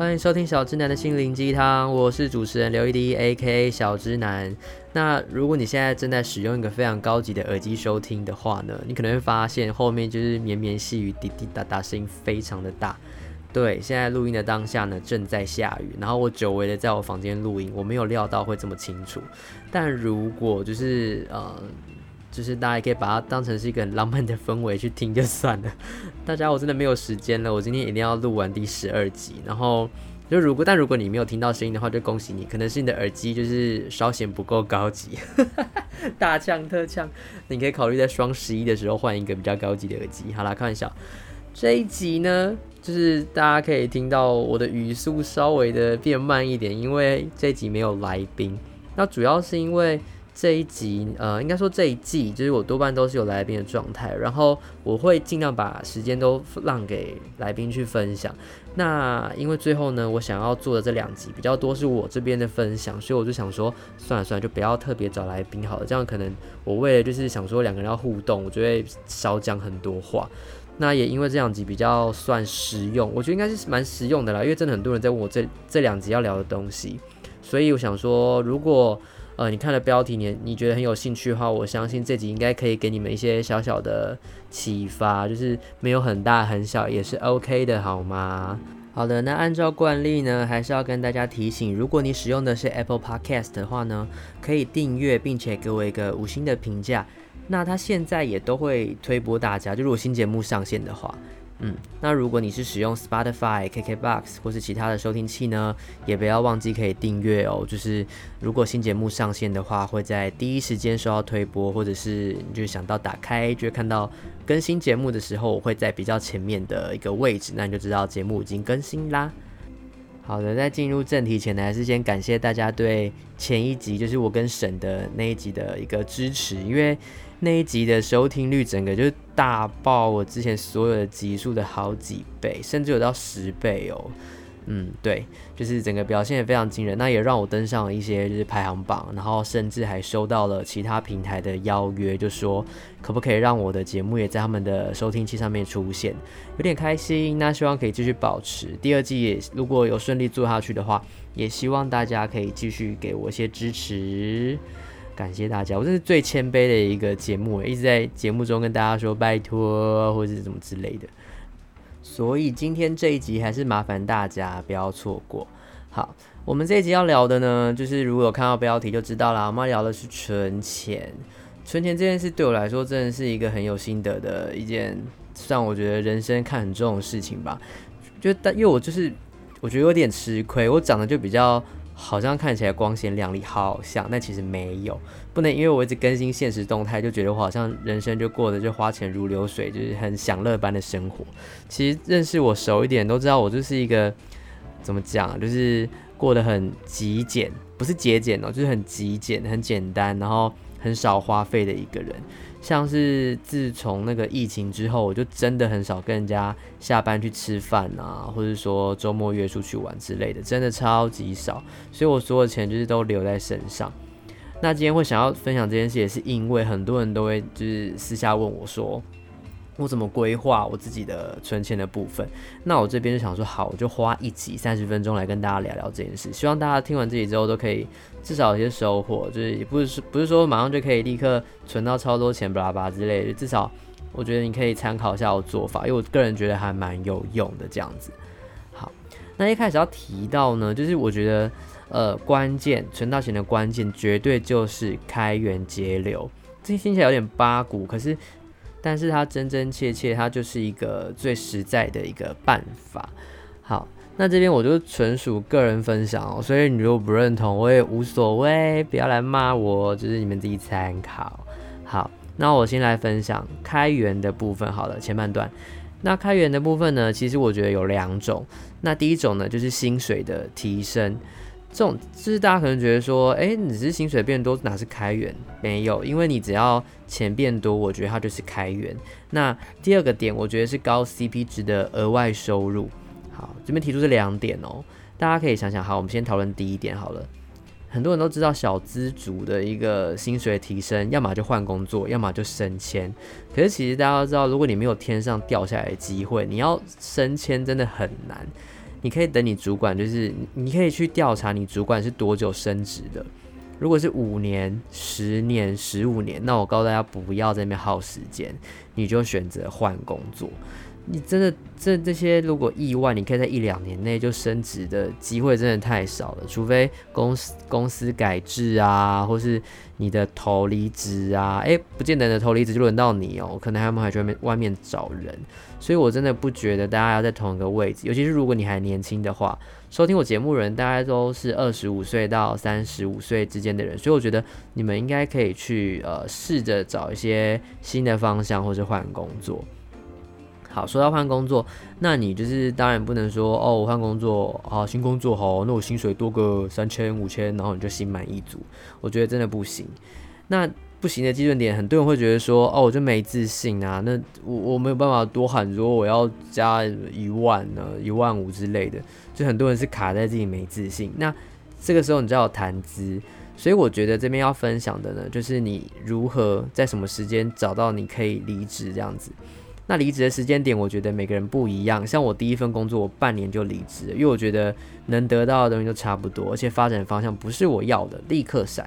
歡迎收聽小之男的心靈雞湯，我是主持人劉一滴。AKA 小之男。那如果你現在正在使用一個非常高級的耳機收聽的話呢，你可能會發現後面就是綿綿細雨滴滴答答，聲音非常的大。對，現在錄音的當下呢，正在下雨，然後我久違的在我房間錄音，我沒有料到會這麼清楚。但如果就是嗯……呃就是大家也可以把它當成是一個很浪漫的氛圍去聽就算了。大家我真的沒有時間了，我今天一定要錄完第十二集。然後就如果但如果你沒有聽到聲音的話，就恭喜你，可能是你的耳機就是稍嫌不夠高級， 大嗆特嗆。你可以考慮在雙十一的時候換一個比較高級的耳機。好啦，看一下這一集呢，就是大家可以聽到我的語速稍微的變慢一點，因為這一集沒有來賓。那主要是因為。這一集，呃，應該說這一季，就是我多半都是有來賓的狀態，然後我會盡量把時間都讓給來賓去分享。那因為最後呢，我想要做的這兩集比較多是我這邊的分享，所以我就想說，算了算了，就不要特別找來賓好了。這樣可能我為了就是想說兩個人要互動，我就會少講很多話。那也因為這兩集比較算實用，我覺得應該是蠻實用的啦，因為真的很多人在問我這這兩集要聊的東西，所以我想說如果……呃，你看了標題你，你你覺得很有興趣的話，我相信這集應該可以給你們一些小小的啟發，就是沒有很大很小也是 OK 的，好嗎？好的，那按照慣例呢，還是要跟大家提醒，如果你使用的是 Apple Podcast 的話呢，可以訂閱並且給我一個五星的評價，那他現在也都會推播大家，就如果新節目上線的話。嗯，那如果你是使用 Spotify、KKBox 或是其他的收聽器呢，也不要忘記可以訂閱哦。就是如果新節目上線的話，會在第一時間收到推播，或者是你就想到打開，就會看到更新節目的時候，我會在比較前面的一個位置，那你就知道節目已經更新啦。好的，在進入正題前呢，還是先感謝大家對前一集，就是我跟沈的那一集的一個支持，因為，那一集的收聽率，整個就是大爆，我之前所有的集數的好幾倍，甚至有到十倍哦。嗯，對，就是整個表現也非常驚人，那也讓我登上了一些就是排行榜，然後甚至還收到了其他平台的邀約，就說可不可以讓我的節目也在他們的收聽器上面出現，有點開心。那希望可以繼續保持，第二季也如果有順利做下去的話，也希望大家可以繼續給我一些支持。感謝大家，我這是最謙卑的一個節目，一直在節目中跟大家說拜托或者什麼之類的，所以今天這一集還是麻煩大家不要錯過。好，我們這一集要聊的呢，就是如果看到標題就知道啦，我們要聊的是存錢。存錢這件事對我來說真的是一個很有心得的一件，讓我覺得人生看很重的事情吧。就但因為我就是我覺得有點吃虧，我長得就比較。好像看起來光鮮亮麗，好像，但其實沒有。不能因為我一直更新現實動態，就覺得我好像人生就過得就花錢如流水，就是很享樂般的生活。其實認識我熟一點都知道，我就是一個怎麼講，就是過得很極簡，不是節儉哦，就是很極簡、很簡單，然後很少花費的一個人。像是自從那個疫情之後，我就真的很少跟人家下班去吃飯啊，或者說周末約出去玩之類的，真的超級少。所以我所有錢就是都留在身上。那今天會想要分享這件事，也是因為很多人都會就是私下問我說。我怎麼規劃我自己的存錢的部分？那我這邊就想說，好，我就花一集三十分鐘來跟大家聊聊這件事。希望大家聽完這集之後，都可以至少有些收穫，就是也不是，不是說馬上就可以立刻存到超多錢，巴拉巴拉之類的。至少我覺得你可以參考一下我做法，因為我個人覺得還蠻有用的這樣子。好，那一開始要提到呢，就是我覺得呃，關鍵，存到錢的關鍵，絕對就是開源節流。這聽起來有點八股，可是。但是它真真切切，它就是一個最實在的一個辦法。好，那這邊我就純屬個人分享喔，所以你如果不認同，我也無所謂，不要來罵我，就是你們自己參考。好，那我先來分享開源的部分。好了，前半段，那開源的部分呢，其實我覺得有兩種。那第一種呢，就是薪水的提升。這種就是大家可能覺得說，欸、你只是薪水變多，哪是開源？沒有，因為你只要錢變多，我覺得它就是開源。那第二個點，我覺得是高 CP 值的額外收入。好，這邊提出這兩點哦、喔，大家可以想想。好，我們先討論第一點好了。很多人都知道小資族的一個薪水提升，要麼就換工作，要麼就升遷。可是其實大家都知道，如果你沒有天上掉下來的機會，你要升遷真的很難。你可以等你主管，就是你可以去調查你主管是多久升職的。如果是五年、十年、十五年，那我告訴大家不要在那邊耗時間，你就選擇換工作。你真的這這些，如果意外，你可以在一兩年內就升職的機會真的太少了，除非公司公司改制啊，或是你的頭離職啊，誒，不見得的頭離職就輪到你哦，可能他們還去外面外面找人，所以我真的不覺得大家要在同一個位置，尤其是如果你還年輕的話，收聽我節目人，大概都是二十五歲到三十五歲之間的人，所以我覺得你們應該可以去呃試着找一些新的方向，或是換工作。說要換工作，那你就是當然不能說哦，我換工作啊，新工作好啊，那我薪水多個三千五千，然後你就心滿意足，我覺得真的不行。那不行的基準點，很多人會覺得說哦，我就沒自信啊，那我我沒有辦法多喊，如果我要加一萬呢，啊，一萬五之類的，就很多人是卡在自己沒自信。那這個時候你就要有談資，所以我覺得這邊要分享的呢，就是你如何在什麼時間找到你可以離職這樣子。那離職的時間點，我覺得每個人不一樣。像我第一份工作，我半年就離職，因為我覺得能得到的東西都差不多，而且發展方向不是我要的，立刻閃。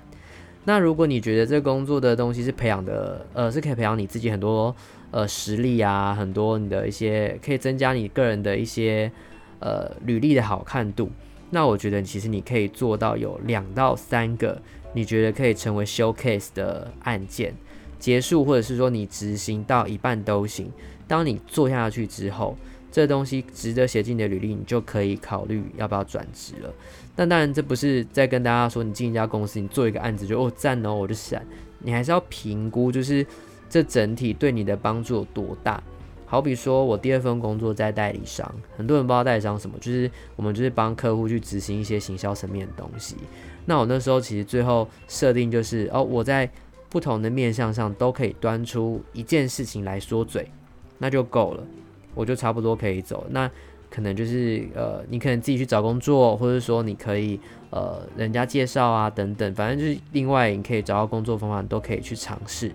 那如果你覺得這工作的東西是培養的，呃，是可以培養你自己很多呃實力啊，很多你的一些可以增加你個人的一些呃履歷的好看度，那我覺得其實你可以做到有兩到三個你覺得可以成為 showcase 的案件。結束，或者是說你執行到一半都行。當你做下去之後，這東西值得寫進你的履歷，你就可以考慮要不要轉職了。但當然，這不是在跟大家說你進一家公司，你做一個案子就哦讚哦我就閃。你還是要評估，就是這整體對你的幫助有多大。好比說我第二份工作在代理商，很多人不知道代理商什麼，就是我們就是幫客戶去執行一些行銷層面的東西。那我那時候其實最後設定就是哦我在不同的面向上都可以端出一件事情來說嘴，那就夠了，我就差不多可以走。那可能就是呃，你可能自己去找工作，或者說你可以呃，人家介紹啊等等，反正就是另外你可以找到工作方法你都可以去嘗試。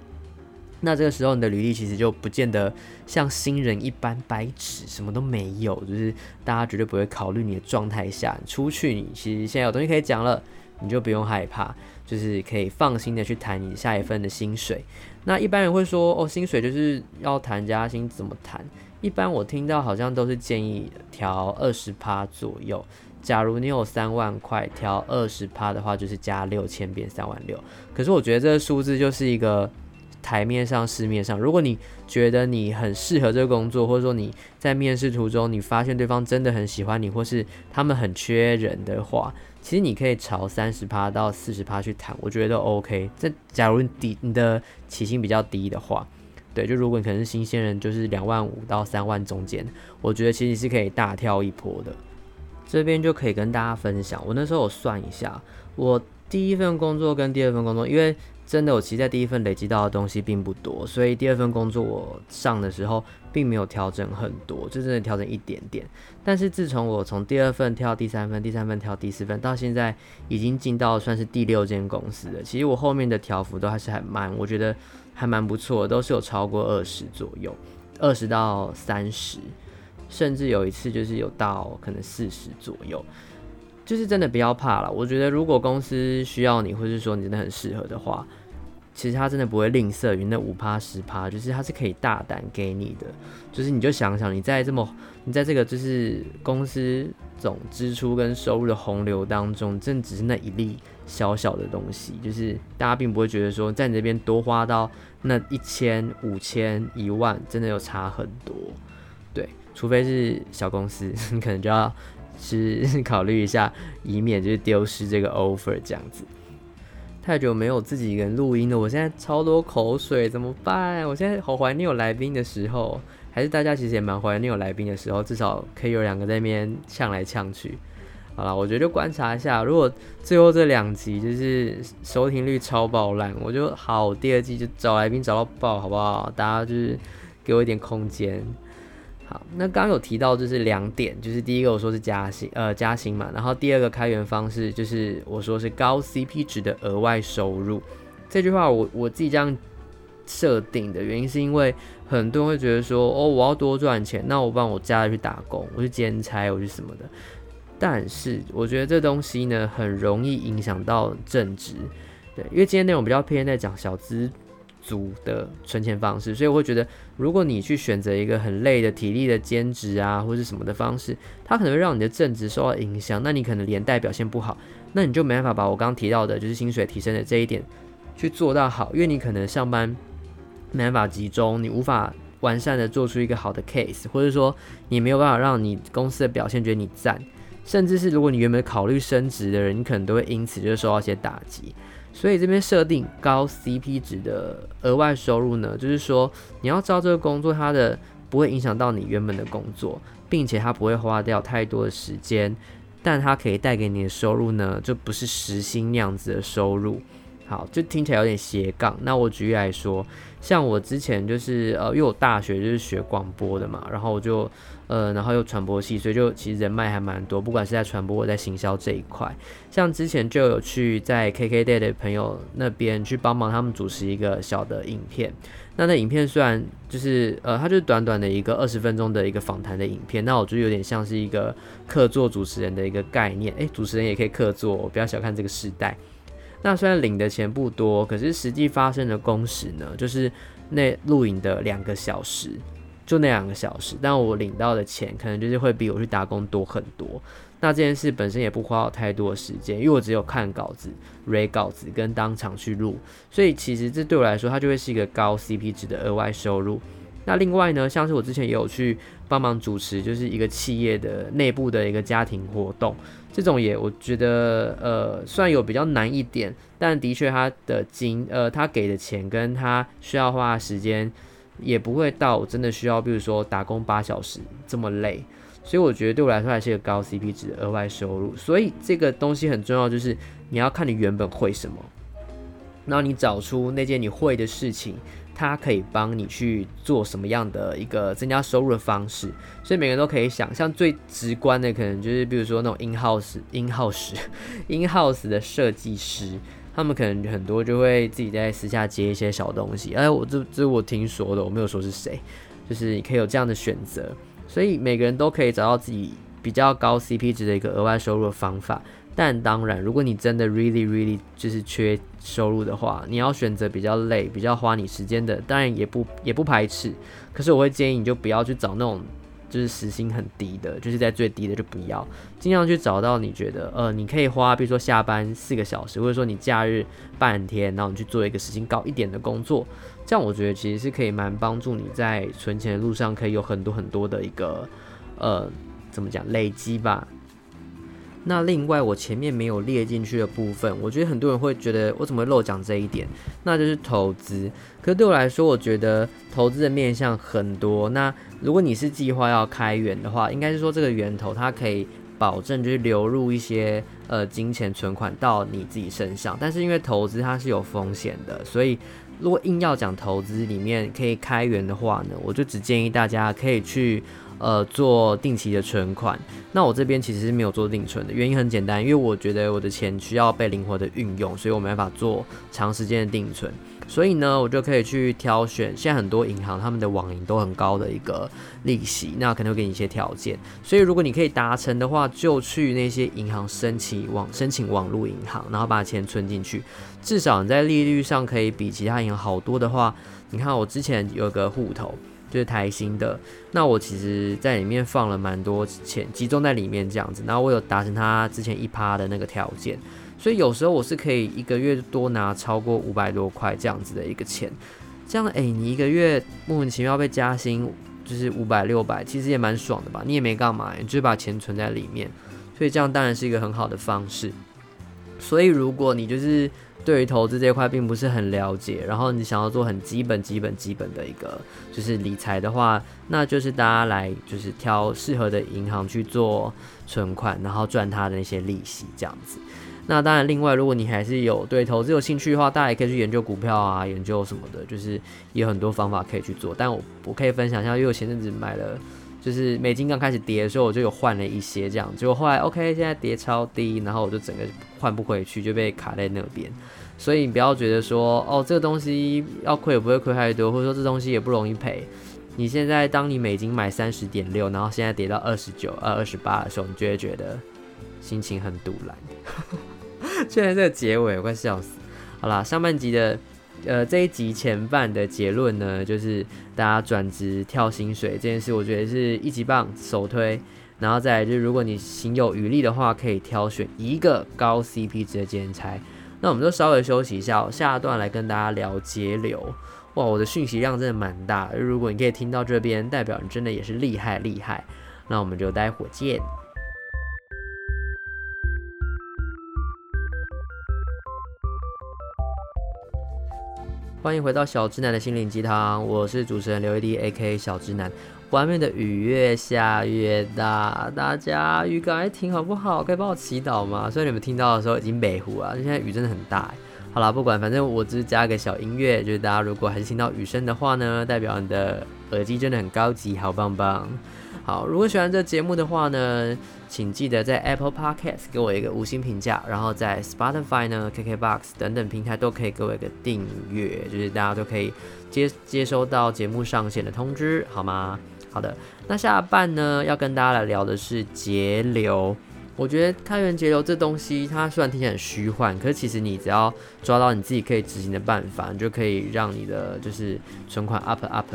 那這個時候你的履歷其實就不見得像新人一般白紙，什麼都沒有，就是大家絕對不會考慮你的狀態下你出去你，你其實現在有東西可以講了。你就不用害怕，就是可以放心的去談你下一份的薪水。那一般人會說，哦，薪水就是要談加薪，怎麼談？一般我聽到好像都是建議調二十趴左右。假如你有三萬塊，調二十趴的話，就是加六千，變三萬六。可是我覺得這個數字就是一個台面上、市面上。如果你覺得你很適合這個工作，或者說你在面試途中你發現對方真的很喜歡你，或是他們很缺人的話。其實你可以朝三十趴到四十趴去談，我覺得都 OK。這假如底你的起薪比較低的話，對，就如果你可能是新鮮人，就是兩萬五到三萬中間，我覺得其實是可以大跳一波的。這邊就可以跟大家分享，我那時候我算一下，我第一份工作跟第二份工作，因為。真的，我其實在第一份累積到的東西並不多，所以第二份工作我上的時候並沒有調整很多，就真的調整一點點。但是自從我從第二份跳第三份，第三份跳第四份，到現在已經進到算是第六間公司了。其實我後面的調幅都還是還蠻，我覺得還蠻不錯的，都是有超過二十左右，二十到三十，甚至有一次就是有到可能四十左右，就是真的不要怕了。我覺得如果公司需要你，或是說你真的很適合的話。其實他真的不會吝嗇於那五趴十趴，就是他是可以大膽給你的。就是你就想想，你在這麼，你在這個就是公司總支出跟收入的洪流當中，真的只是那一粒小小的東西。就是大家並不會覺得說，在你這邊多花到那一千、五千、一萬，真的有差很多。對，除非是小公司，你可能就要是考慮一下，以免就是丟失這個 offer 這樣子。太久沒有自己一個人錄音了，我現在超多口水，怎麼辦？我現在好懷念有來賓的時候，還是大家其實也蠻懷念有來賓的時候？至少可以有兩個在那邊嗆來嗆去。好啦，我覺得就觀察一下，如果最後這兩集就是收聽率超爆爛，我就好，我第二季就找來賓找到爆，好不好？大家就是給我一點空間。好，那剛剛有提到就是兩點，就是第一個我說是加薪，呃，加薪嘛，然後第二個開源方式就是我說是高 CP 值的額外收入。這句話我我自己這樣設定的原因是因為很多人會覺得說，哦，我要多賺錢，那我幫我加去打工，我去兼差，我去什麼的。但是我覺得這東西呢，很容易影響到正職，對，因為今天內容比較偏在講小資組的存錢方式，所以我會覺得，如果你去選擇一個很累的體力的兼職啊，或是什麼的方式，它可能會讓你的正職受到影響，那你可能連帶表現不好，那你就沒辦法把我剛剛提到的，就是薪水提升的這一點去做到好，因為你可能上班沒辦法集中，你無法完善的做出一個好的 case，或者說你沒有辦法讓你公司的表現覺得你讚，甚至是如果你原本考慮升職的人，你可能都會因此就受到一些打擊。所以這邊設定高 CP 值的額外收入呢，就是說你要招這個工作，它的不會影響到你原本的工作，並且它不會花掉太多的時間，但它可以帶給你的收入呢，就不是時薪那樣子的收入。好，就聽起來有點斜槓。那我舉例來說，像我之前就是呃，因為我大學就是學廣播的嘛，然後我就呃，然後又傳播系，所以就其實人脈還蠻多，不管是在傳播、我在行銷這一塊。像之前就有去在 KKday 的朋友那邊去幫忙他們主持一個小的影片。那那影片雖然就是呃，它就是短短的一個二十分鐘的一個訪談的影片，那我覺得有點像是一個客座主持人的一個概念。誒、欸，主持人也可以客座，我不要小看這個時代。那雖然領的錢不多，可是實際發生的工時呢，就是那錄影的兩個小時，就那兩個小時，但我領到的錢可能就是會比我去打工多很多。那這件事本身也不花我太多時間，因為我只有看稿子、read 稿子跟當場去錄，所以其實這對我來說，它就會是一個高 CP 值的額外收入。那另外呢，像是我之前也有去。幫忙主持，就是一個企業的內部的一個家庭活動，這種也我覺得呃，算有比較難一點，但的確他的金呃，他給的錢跟他需要花的時間也不會到真的需要，比如說打工八小時這麼累，所以我覺得對我來說還是一個高 CP 值的額外收入。所以這個東西很重要，就是你要看你原本會什麼，然後你找出那件你會的事情。它可以幫你去做什麼樣的一個增加收入的方式，所以每個人都可以想像最直觀的，可能就是比如說那種 in house in house in house 的設計師，他們可能很多就會自己在私下接一些小東西。哎，我這這我聽說的，我沒有說是誰，就是你可以有這樣的選擇，所以每個人都可以找到自己比較高 CP 值的一個額外收入的方法。但當然，如果你真的 really really 就是缺收入的話，你要選擇比較累、比較花你時間的，當然也不也不排斥。可是我會建議你就不要去找那種就是時薪很低的，就是在最低的就不要，盡量去找到你覺得呃，你可以花，比如說下班四個小時，或者說你假日半天，然後你去做一個時薪高一點的工作，這樣我覺得其實是可以蠻幫助你在存錢的路上可以有很多很多的一個呃怎麼講累積吧。那另外我前面沒有列進去的部分，我覺得很多人會覺得我怎麼會漏講這一點，那就是投資。可是對我來說，我覺得投資的面向很多。那如果你是計劃要開源的話，應該是說這個源頭它可以保證就是流入一些呃金錢存款到你自己身上。但是因為投資它是有風險的，所以如果硬要講投資裡面可以開源的話呢，我就只建議大家可以去。呃，做定期的存款，那我這邊其實是沒有做定存的，原因很簡單，因為我覺得我的錢需要被靈活的運用，所以我沒辦法做長時間的定存，所以呢，我就可以去挑選現在很多銀行他們的網銀都很高的一個利息，那可能會給你一些條件，所以如果你可以達成的話，就去那些銀行申請網申請網路銀行，然後把錢存進去，至少你在利率上可以比其他銀行好多的話，你看我之前有個戶頭。就是台新的，那我其實在裡面放了蠻多錢，集中在裡面這樣子。那我有達成他之前一趴的那個條件，所以有時候我是可以一個月多拿超過五百多塊這樣子的一個錢。這樣誒、欸，你一個月莫名其妙被加薪，就是五百六百，其實也蠻爽的吧？你也沒幹嘛、欸，你就是把錢存在裡面，所以這樣當然是一個很好的方式。所以如果你就是。對於投資這一塊並不是很了解，然後你想要做很基本、基本、基本的一個就是理財的話，那就是大家來就是挑適合的銀行去做存款，然後賺它的那些利息這樣子。那當然，另外如果你還是有對投資有興趣的話，大家也可以去研究股票啊，研究什麼的，就是有很多方法可以去做。但我我可以分享一下，因為我前陣子買了。就是美金剛開始跌的時候，我就有換了一些，這樣結果後來 OK，現在跌超低，然後我就整個換不回去，就被卡在那邊。所以你不要覺得說，哦，這個東西要虧也不會虧太多，或者說這東西也不容易賠。你現在當你美金買三十點六，然後現在跌到二十九、二二十八的時候，你就會覺得心情很賭爛。 居然這個結尾，我快笑死。好啦，上半集的。呃，這一集前半的結論呢，就是大家轉職跳薪水這件事，我覺得是一級棒首推。然後再來就是，如果你行有餘力的話，可以挑選一個高 CP 值的剪裁。那我們就稍微休息一下，哦，下一段來跟大家聊節流。哇，我的訊息量真的蠻大，如果你可以聽到這邊，代表你真的也是厲害厲害。那我們就待會見。歡迎回到小之男的心靈雞湯，我是主持人劉一滴 a.k.a. 小之男。外面的雨越下越大，大家雨趕快停好不好？可以幫我祈禱嗎？雖然你們聽到的時候已經北湖啊，現在雨真的很大。好啦，不管，反正我只是加個小音樂，就是大家如果還是聽到雨聲的話呢，代表你的耳機真的很高級，好棒棒。好，如果喜歡這節目的話呢，請記得在 Apple Podcast 給我一個五星評價，然後在 Spotify 呢、KK Box 等等平台都可以給我一個訂閱，就是大家都可以接接收到節目上線的通知，好嗎？好的，那下半呢要跟大家來聊的是節流。我覺得開源節流這東西，它雖然聽起來很虛幻，可是其實你只要抓到你自己可以執行的辦法，你就可以讓你的就是存款 up up。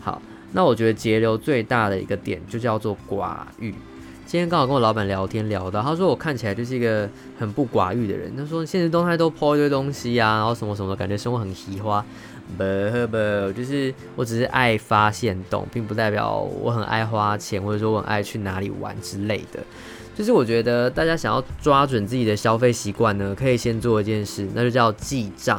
好。那我覺得節流最大的一個點就叫做寡慾。今天剛好跟我老板聊天聊到，他說我看起來就是一個很不寡慾的人。他說限時動態都 po 一堆東西啊，然後什麼什麼，感覺生活很奢華。不不，就是我只是愛發限動，並不代表我很愛花錢，或者說我很愛去哪裡玩之類的。就是我覺得大家想要抓準自己的消費習慣呢，可以先做一件事，那就叫記賬。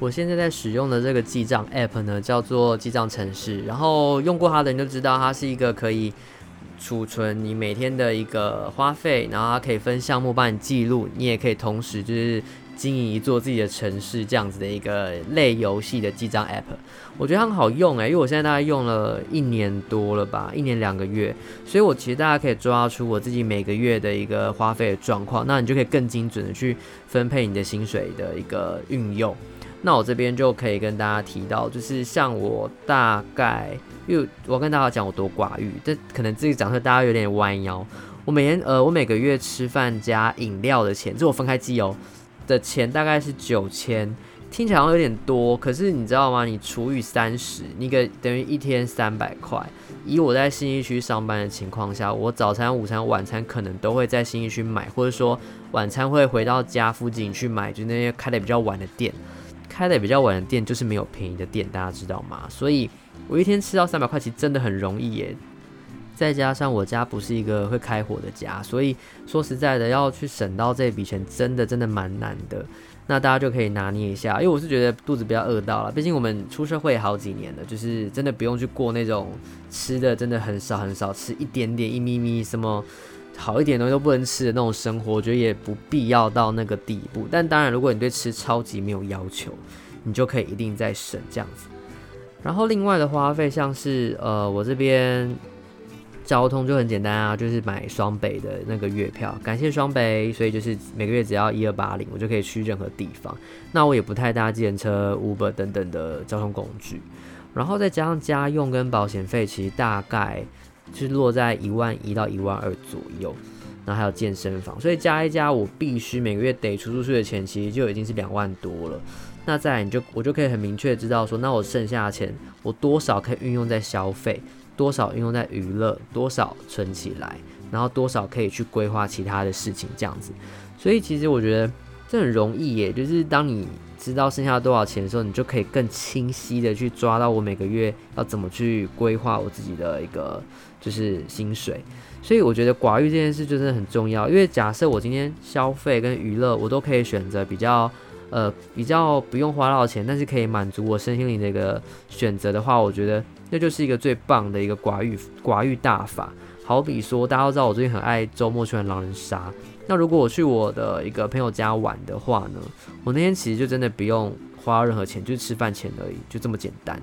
我現在在使用的這個記賬 app 呢，叫做記賬城市。然後用過它的人就知道，它是一個可以儲存你每天的一個花費，然後它可以分項目幫你記錄。你也可以同時就是經營一座自己的城市，這樣子的一個類遊戲的記賬 app。我覺得它很好用誒、欸，因為我現在大概用了一年多了吧，一年兩個月。所以我其實大家可以抓出我自己每個月的一個花費的狀況，那你就可以更精準的去分配你的薪水的一個運用。那我這邊就可以跟大家提到，就是像我大概，因為我跟大家講我多寡慾，這可能自己講出來大家有點彎腰。我每天呃，我每個月吃飯加飲料的錢，這我分開記、哦、的錢大概是九千，聽起來好像有點多，可是你知道嗎？你除以三十，你給等於一天三百塊。以我在信義區上班的情況下，我早餐、午餐、晚餐可能都會在信義區買，或者說晚餐會回到家附近去買，就是，那些開得比較晚的店。開的比較晚的店，就是沒有便宜的店，大家知道嗎？所以，我一天吃到三百塊，其實真的很容易耶。再加上我家不是一個會開火的家，所以說實在的，要去省到這筆錢真的，真的真的蠻難的。那大家就可以拿捏一下，因為我是覺得肚子比較餓到了，畢竟我們出社會好幾年了，就是真的不用去過那種吃的真的很少很少，吃一點點一咪一咪什麼。好一點東西都不能吃的那種生活，我覺得也不必要到那個地步。但當然，如果你對吃超級沒有要求，你就可以一定再省這樣子。然後另外的花費，像是呃，我這邊交通就很簡單啊，就是買雙北的那個月票，感謝雙北，所以就是每個月只要1280，我就可以去任何地方。那我也不太搭計程車、Uber 等等的交通工具。然後再加上家用跟保險費，其實大概。就是落在一萬一到一萬二左右，然後還有健身房，所以加一加，我必須每個月得出出去的錢，其實就已經是兩萬多了。那再來你就我就可以很明確知道說，那我剩下的錢我多少可以運用在消費，多少運用在娛樂，多少存起來，然後多少可以去規劃其他的事情這樣子。所以其實我覺得這很容易耶，就是當你知道剩下多少錢的時候，你就可以更清晰的去抓到我每個月要怎麼去規劃我自己的一個。就是薪水，所以我覺得寡慾這件事就是很重要。因為假設我今天消費跟娛樂，我都可以選擇比較，呃，比較不用花到錢，但是可以滿足我身心靈的一個選擇的話，我覺得那就是一個最棒的一個寡慾寡慾大法。好比說，大家都知道我最近很愛周末去玩狼人殺。那如果我去我的一個朋友家玩的話呢，我那天其實就真的不用花任何錢，就是吃飯錢而已，就這麼簡單。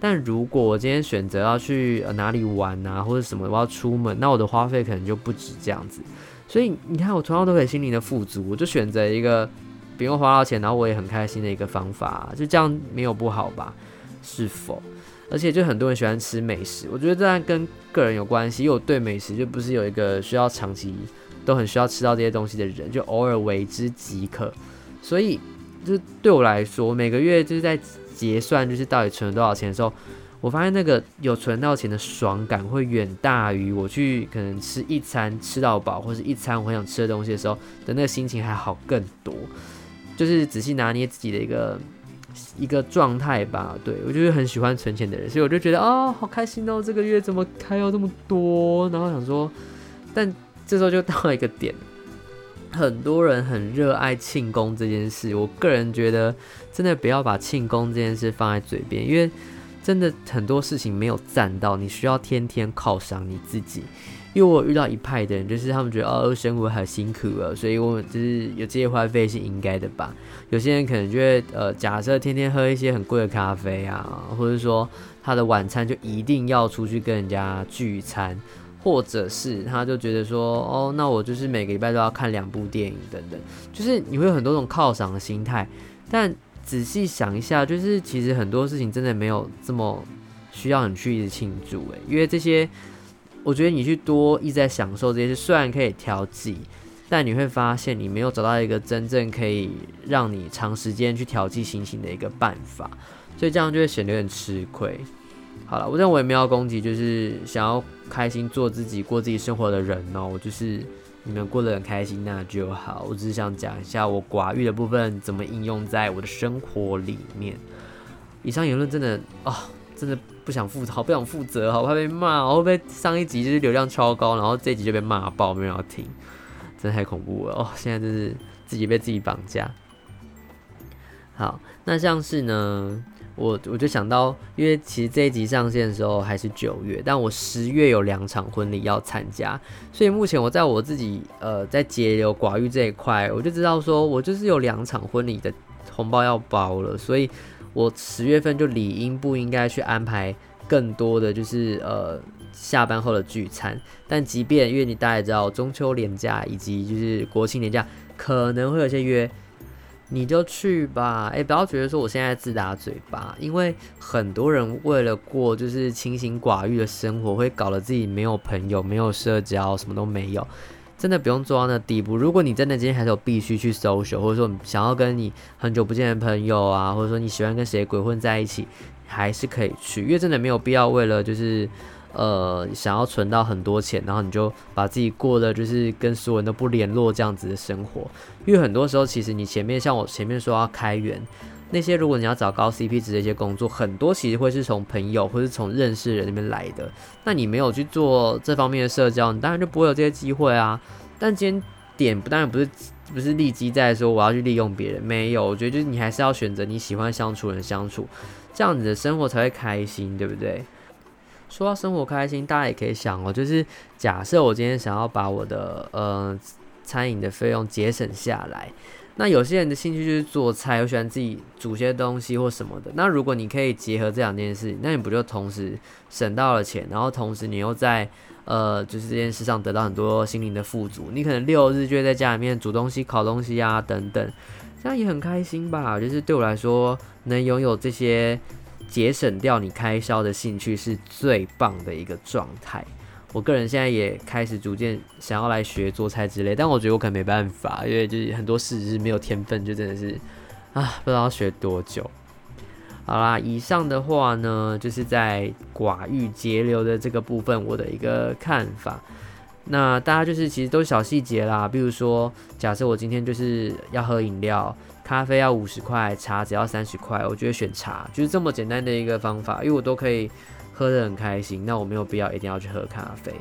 但如果我今天選擇要去、呃、哪裡玩啊，或者什麼我要出門，那我的花費可能就不止這樣子。所以你看，我同樣都可以心靈的富足，我就選擇一個不用花到錢，然後我也很開心的一個方法，就這樣沒有不好吧？是否？而且就很多人喜歡吃美食，我覺得這樣跟個人有關係。因為我對美食就不是有一個需要長期都很需要吃到這些東西的人，就偶爾為之即可。所以就對我來說，每個月就是在。結算就是到底存了多少錢的時候，我發現那個有存到錢的爽感會遠大於我去可能吃一餐吃到飽，或者是一餐我很想吃的東西的時候的那個心情還好更多，就是仔細拿捏自己的一個一個狀態吧。對我就是很喜歡存錢的人，所以我就覺得啊、哦、好開心哦，這個月怎麼開要這麼多？然後想說，但這時候就到了一個點，很多人很熱愛慶功這件事，我個人覺得。真的不要把慶功這件事放在嘴邊，因為真的很多事情沒有讚到，你需要天天犒賞你自己。因為我遇到一派的人，就是他們覺得哦，生活很辛苦了，所以我就是有這些花費是應該的吧。有些人可能就會呃，假設天天喝一些很貴的咖啡啊，或者說他的晚餐就一定要出去跟人家聚餐，或者是他就覺得說哦，那我就是每個禮拜都要看兩部電影等等，就是你會有很多種犒賞的心態，但。仔細想一下，就是其實很多事情真的沒有這麼需要你去一直慶祝誒，因為這些，我覺得你去多一直在享受這些，雖然可以調劑，但你會發現你沒有找到一個真正可以讓你長時間去調劑心情的一個辦法，所以這樣就會顯得有點吃虧。好了，我認為我也沒有攻擊，就是想要開心做自己、過自己生活的人哦、喔，我就是。你們過得很開心，那就好。我只是想講一下我寡欲的部分怎麼應用在我的生活裡面。以上言論真的哦，真的不想負，好不想負責，好怕被罵。我會不會上一集就是流量超高，然後這一集就被罵爆，沒有要聽，真的太恐怖了哦！現在就是自己被自己綁架。好，那像是呢。我我就想到，因為其實這一集上線的時候還是九月，但我十月有兩場婚禮要參加，所以目前我在我自己呃在節流寡欲這一塊，我就知道說我就是有兩場婚禮的紅包要包了，所以我十月份就理應不應該去安排更多的就是呃下班後的聚餐。但即便因為你大家也知道中秋連假以及就是國慶連假可能會有些約。你就去吧，誒、欸，不要覺得說我現在在自打嘴巴，因為很多人為了過就是清心寡欲的生活，會搞得自己沒有朋友，沒有社交，什麼都沒有，真的不用做到那地步。如果你真的今天還是有必須去 social，或者說想要跟你很久不見的朋友啊，或者說你喜歡跟誰鬼混在一起，還是可以去，因為真的沒有必要為了就是。呃，想要存到很多錢，然後你就把自己過得就是跟所有人都不聯絡這樣子的生活，因為很多時候其實你前面，像我前面說要開源，那些如果你要找高 CP 值的一些工作，很多其實會是從朋友或是從認識人那邊來的。那你沒有去做這方面的社交，你當然就不會有這些機會啊。但今天點不當然不是不是立基在說我要去利用別人，沒有，我覺得就是你還是要選擇你喜歡相處的人相處，這樣子的生活才會開心，對不對？說到生活開心，大家也可以想哦，就是假設我今天想要把我的呃餐飲的費用節省下來，那有些人的興趣就是做菜，我喜歡自己煮些東西或什麼的。那如果你可以結合這兩件事，那你不就同時省到了錢，然後同時你又在呃就是這件事上得到很多心靈的富足。你可能六日就會在家裡面煮東西、烤東西呀、啊，等等，這樣也很開心吧？就是對我來說，能擁有這些。節省掉你開銷的興趣是最棒的一個狀態。我個人現在也開始逐漸想要來學做菜之類，但我覺得我可能沒辦法，因為就是很多事是沒有天分，就真的是啊，不知道要學多久。好啦，以上的話呢，就是在寡欲節流的這個部分，我的一個看法。那大家就是其實都是小細節啦，比如說，假設我今天就是要喝飲料。咖啡要五十塊，茶只要三十塊。我覺得選茶就是這麼簡單的一個方法，因為我都可以喝得很開心。那我沒有必要一定要去喝咖啡。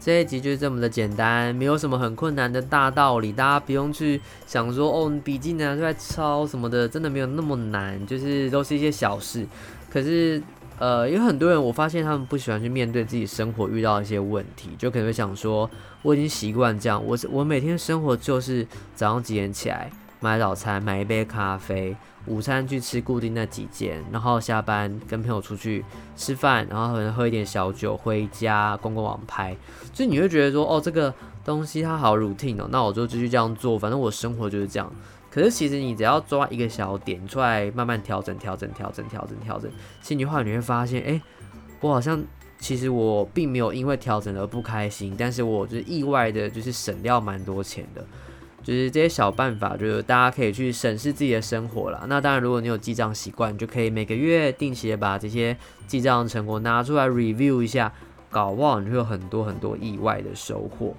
這一集就是這麼的簡單，沒有什麼很困難的大道理，大家不用去想說哦，筆記拿出來抄什麼的，真的沒有那麼難，就是都是一些小事。可是，呃，有很多人，我發現他們不喜歡去面對自己生活遇到一些問題，就可能會想說，我已經習慣這樣，我我每天生活就是早上幾點起來。買早餐，買一杯咖啡；午餐去吃固定那幾間，然後下班跟朋友出去吃飯，然後可能喝一點小酒，回家逛逛網拍。所以你會覺得說，哦，這個東西它好 routine 哦，那我就繼續這樣做，反正我生活就是這樣。可是其實你只要抓一個小點出來，慢慢調整、調整、調整、調整、調整，心裡話你會發現，哎，我好像其實我並沒有因為調整而不開心，但是我就是意外的，就是省掉蠻多錢的。就是這些小辦法，就是大家可以去審視自己的生活啦。那當然，如果你有記賬習慣，你就可以每個月定期的把這些記賬成果拿出來 review 一下，搞不好你會有很多很多意外的收穫。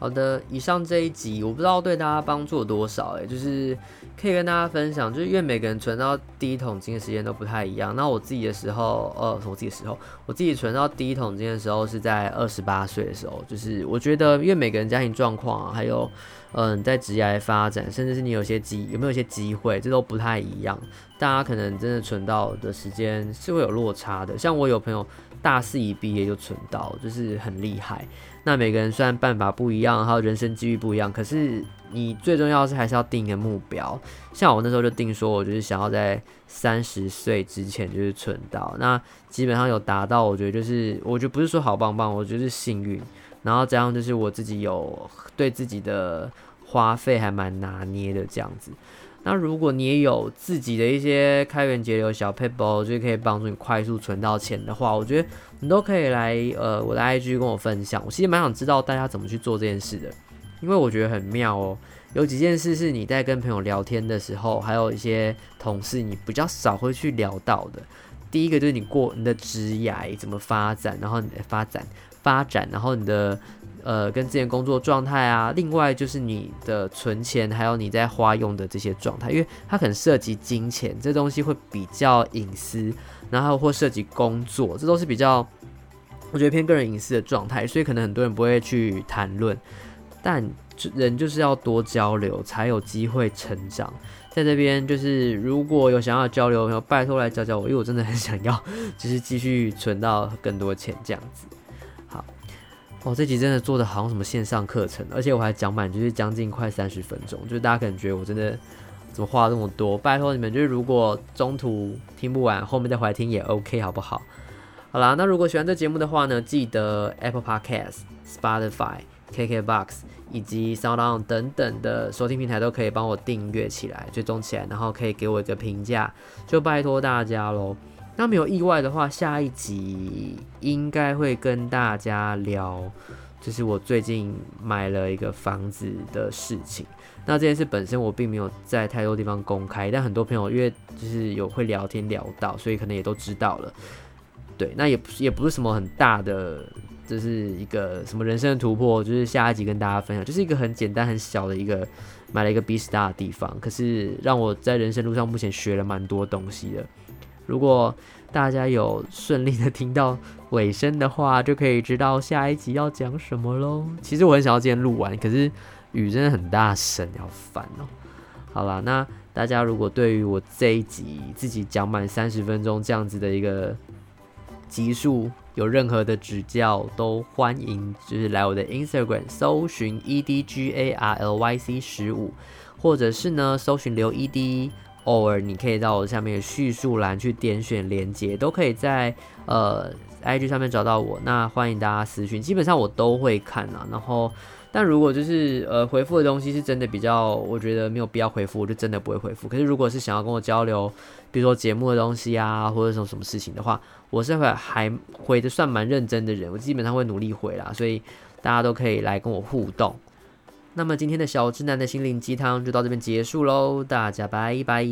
好的，以上這一集我不知道對大家幫助多少誒、欸，就是可以跟大家分享，就是因為每個人存到第一桶金的時間都不太一樣。那我自己的時候，呃，我自己的時候，我自己存到第一桶金的時候是在二十八歲的時候，就是我覺得，因為每個人家庭狀況、啊，還有嗯、呃，在職業發展，甚至是你有些機有沒有一些機會，這都不太一樣。大家可能真的存到的時間是會有落差的。像我有朋友大四一畢業就存到，就是很厲害。那每個人雖然辦法不一樣，還有人生機遇不一樣，可是你最重要的是還是要定一個目標。像我那時候就定說，我就是想要在三十歲之前就是存到。那基本上有達到，我覺得就是，我覺得不是說好棒棒，我覺得是幸運。然後這樣就是我自己有對自己的花費還蠻拿捏的這樣子。那如果你也有自己的一些開源節流小撇步，就是可以幫助你快速存到錢的話，我覺得你都可以來呃，我的 IG 跟我分享。我其實蠻想知道大家怎麼去做這件事的，因為我覺得很妙哦。有幾件事是你在跟朋友聊天的時候，還有一些同事你比較少會去聊到的。第一個就是你過你的職涯怎麼發展，然後你的發展發展，然後你的。呃，跟之前工作狀態啊，另外就是你的存錢，還有你在花用的這些狀態，因為它可能涉及金錢這東西會比較隱私，然後或涉及工作，這都是比較我覺得偏個人隱私的狀態，所以可能很多人不會去談論。但人就是要多交流，才有機會成長。在這邊就是如果有想要交流的朋友，拜托來教教我，因為我真的很想要，就是繼續存到更多錢這樣子。哦，這集真的做得好像什麼線上課程，而且我還講滿，就是將近快三十分鐘，就是大家感覺我真的怎麼話這麼多，拜託你們，就是如果中途聽不完，後面再回來聽也 OK 好不好？好啦，那如果喜歡這節目的話呢，記得 Apple Podcast、Spotify、KKBox 以及 SoundOn 等等的收聽平台都可以幫我訂閱起來、追蹤起來，然後可以給我一個評價，就拜託大家嘍。那沒有意外的話，下一集應該會跟大家聊，就是我最近買了一個房子的事情。那這件事本身我並沒有在太多地方公開，但很多朋友因為就是有會聊天聊到，所以可能也都知道了。對，那也也不是什麼很大的，這、就是一個什麼人生的突破？就是下一集跟大家分享，就是一個很簡單很小的一個買了一個比 a r 的地方，可是讓我在人生路上目前學了蠻多東西的。如果大家有順利的聽到尾聲的話，就可以知道下一集要講什麼嘍。其實我很想要今天錄完，可是雨真的很大聲，好煩哦。好啦，那大家如果對於我這一集自己講滿三十分鐘這樣子的一個集數有任何的指教，都歡迎，就是來我的 Instagram 搜尋 E D G A R L Y C 十五，或者是呢搜尋劉 E D。偶爾你可以到我下面的敘述欄去點選連結，都可以在呃 IG 上面找到我。那歡迎大家私訊，基本上我都會看啦。然後，但如果就是呃回復的東西是真的比較，我覺得沒有必要回復，我就真的不會回復。可是如果是想要跟我交流，比如說節目的東西啊，或者什麼什麼事情的話，我是會還，還回得，算蠻認真的人，我基本上會努力回啦。所以大家都可以來跟我互動。那麼今天的小之男的心靈雞湯就到這邊結束嘍，大家拜拜。